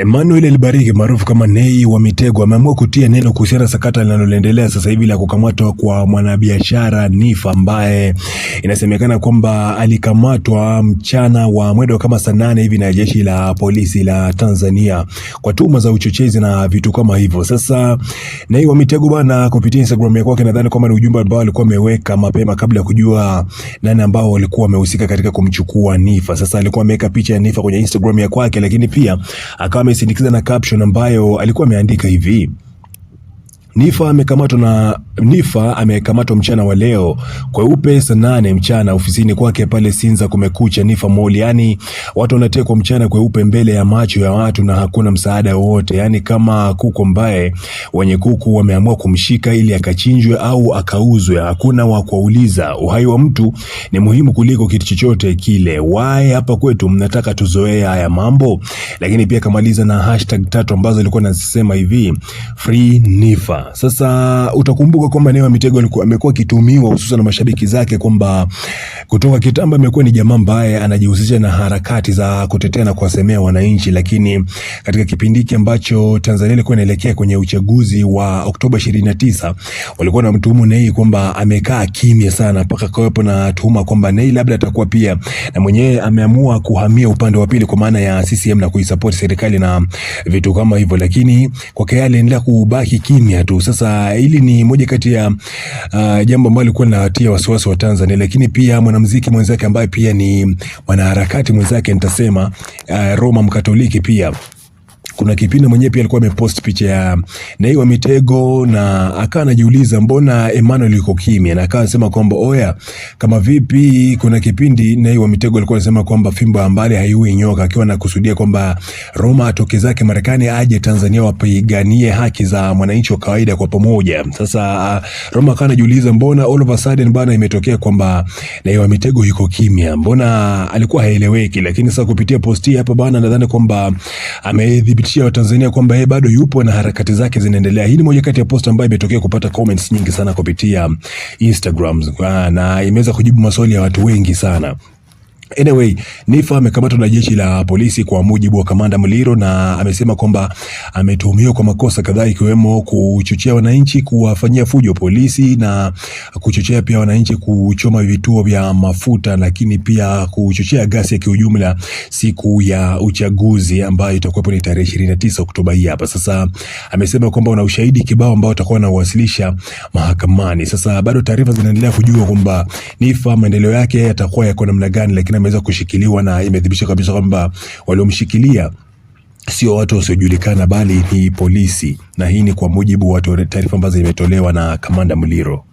Emmanuel Elbarigi maarufu kama Nay wa Mitego ameamua kutia neno kuhusiana na sakata linaloendelea sasa hivi la kukamatwa kwa mwanabiashara Nif ambaye inasemekana kwamba alikamatwa mchana wa mwendo kama saa nane hivi na jeshi la polisi la Tanzania kwa tuhuma za uchochezi na vitu kama hivyo. Sasa Nay wa Mitego bwana, kupitia Instagram yake kwake, nadhani kwamba ni ujumbe ambao alikuwa ameweka mapema kabla ya kujua nani ambao walikuwa wamehusika katika kumchukua Nifa. Sasa alikuwa ameweka picha ya Nifa kwenye Instagram yake, lakini pia akawa amesindikiza na caption ambayo alikuwa ameandika hivi: Nifa amekamatwa na Nifa amekamatwa mchana wa leo kweupe saa nane mchana ofisini kwake pale Sinza. Kumekucha Nifa Mall, yani watu wanatekwa mchana kweupe mbele ya macho ya watu na hakuna msaada wowote. Yani kama kuku mbaye wenye kuku wameamua kumshika ili akachinjwe au akauzwe, hakuna wa kuuliza. Uhai wa mtu ni muhimu kuliko kitu chochote kile. Wae hapa kwetu mnataka tuzoee haya mambo, lakini pia kamaliza na hashtag tatu ambazo ilikuwa anasema hivi free Sasa utakumbuka Kumbuka kwamba Nay wa Mitego amekuwa akituhumiwa hususan na mashabiki zake kwamba kutoka kitamba amekuwa ni jamaa ambaye anajihusisha na harakati za kutetea na kuwasemea wananchi, lakini katika kipindi hiki ambacho Tanzania ilikuwa inaelekea kwenye uchaguzi wa Oktoba 29 walikuwa na mtuhumu Nei kwamba amekaa kimya sana, mpaka kawepo na tuhuma kwamba Nei labda atakuwa pia na mwenyewe ameamua kuhamia upande wa pili kwa maana ya CCM na kuisupport serikali na vitu kama hivyo, lakini kwake yeye aliendelea kubaki kimya tu. Sasa hili ni moja kati ya uh, jambo ambalo lilikuwa linawatia wasiwasi wa Tanzania, lakini pia mwanamuziki mwenzake ambaye pia ni mwanaharakati mwenzake nitasema, uh, Roma Mkatoliki pia kuna kipindi mwenyewe pia alikuwa amepost picha ya Nay wa Mitego na akawa anajiuliza mbona Emmanuel yuko kimya, na akawa anasema kwamba oya, kama vipi. Kuna kipindi Nay wa Mitego alikuwa anasema kwamba fimbo ya mbali haiui nyoka, akiwa anakusudia kwamba Roma atoke zake Marekani aje Tanzania wapiganie haki za mwananchi wa kawaida kwa pamoja. Sasa Roma akawa anajiuliza mbona all of a sudden bana imetokea kwamba Nay wa Mitego yuko kimya, mbona alikuwa haeleweki. Lakini sasa kupitia posti hapa bana, nadhani kwamba amedhibiti kuwahakikishia Watanzania kwamba yeye bado yupo na harakati zake zinaendelea. Hii ni moja kati ya post ambayo imetokea kupata comments nyingi sana kupitia Instagram ah, na imeweza kujibu maswali ya watu wengi sana. Anyway, Nifa amekamatwa na jeshi la polisi kwa mujibu wa kamanda Muliro, na amesema kwamba ametuhumiwa kwa makosa kadhaa ikiwemo kuchochea wananchi kuwafanyia fujo polisi na kuchochea pia wananchi kuchoma vituo vya mafuta, lakini pia kuchochea gasi ya kiujumla siku ya uchaguzi ambayo itakuwa ni tarehe 29 Oktoba hii hapa. Sasa amesema kwamba una ushahidi kibao ambao atakuwa anawasilisha mahakamani. Sasa bado taarifa zinaendelea kujua kwamba Nifa maendeleo yake yatakuwa yako namna gani, lakini Marekani ameweza kushikiliwa na imethibitisha kabisa kwamba waliomshikilia sio watu wasiojulikana bali ni polisi, na hii ni kwa mujibu wa taarifa ambazo imetolewa na Kamanda Muliro.